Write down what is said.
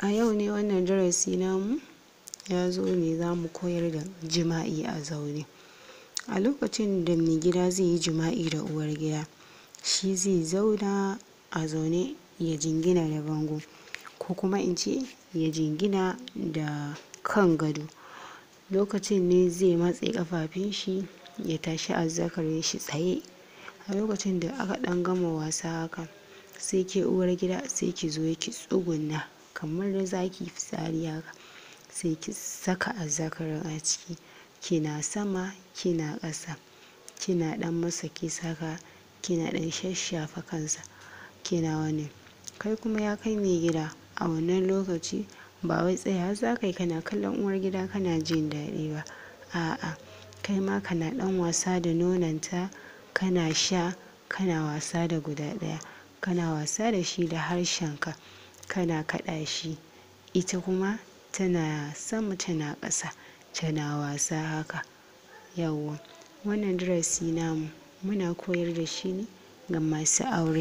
A yau ne wannan darasi namu ya zo ne za mu koyar da jima'i a zaune. A lokacin da mai gida zai yi jima'i da uwar gida, shi zai zauna a zaune ya jingina da bango ko kuma in ce ya jingina da kan gado. Lokacin ne zai matse ƙafafun shi ya tashi zakare shi tsaye. A lokacin da aka ɗan gama wasa haka sai ke uwar gida sai ki zo ki tsuguna. kamar da zaki fitsari haka sai ki saka a azzakarin a ciki kina sama kina ƙasa kina ɗan masa ki saka kina ɗan shashafa kansa kina wani kai kuma ya kai ne gida a wannan lokaci ba wai tsaya za ka yi kana kallon uwar gida kana jin daɗi ba a'a kai ma kana ɗan wasa da nonanta kana sha kana wasa da guda ɗaya kana wasa da shi da harshenka kana kaɗa shi ita kuma tana sama tana ƙasa tana wasa haka yawwa wannan darasi namu muna koyar da shi ne ga masu aure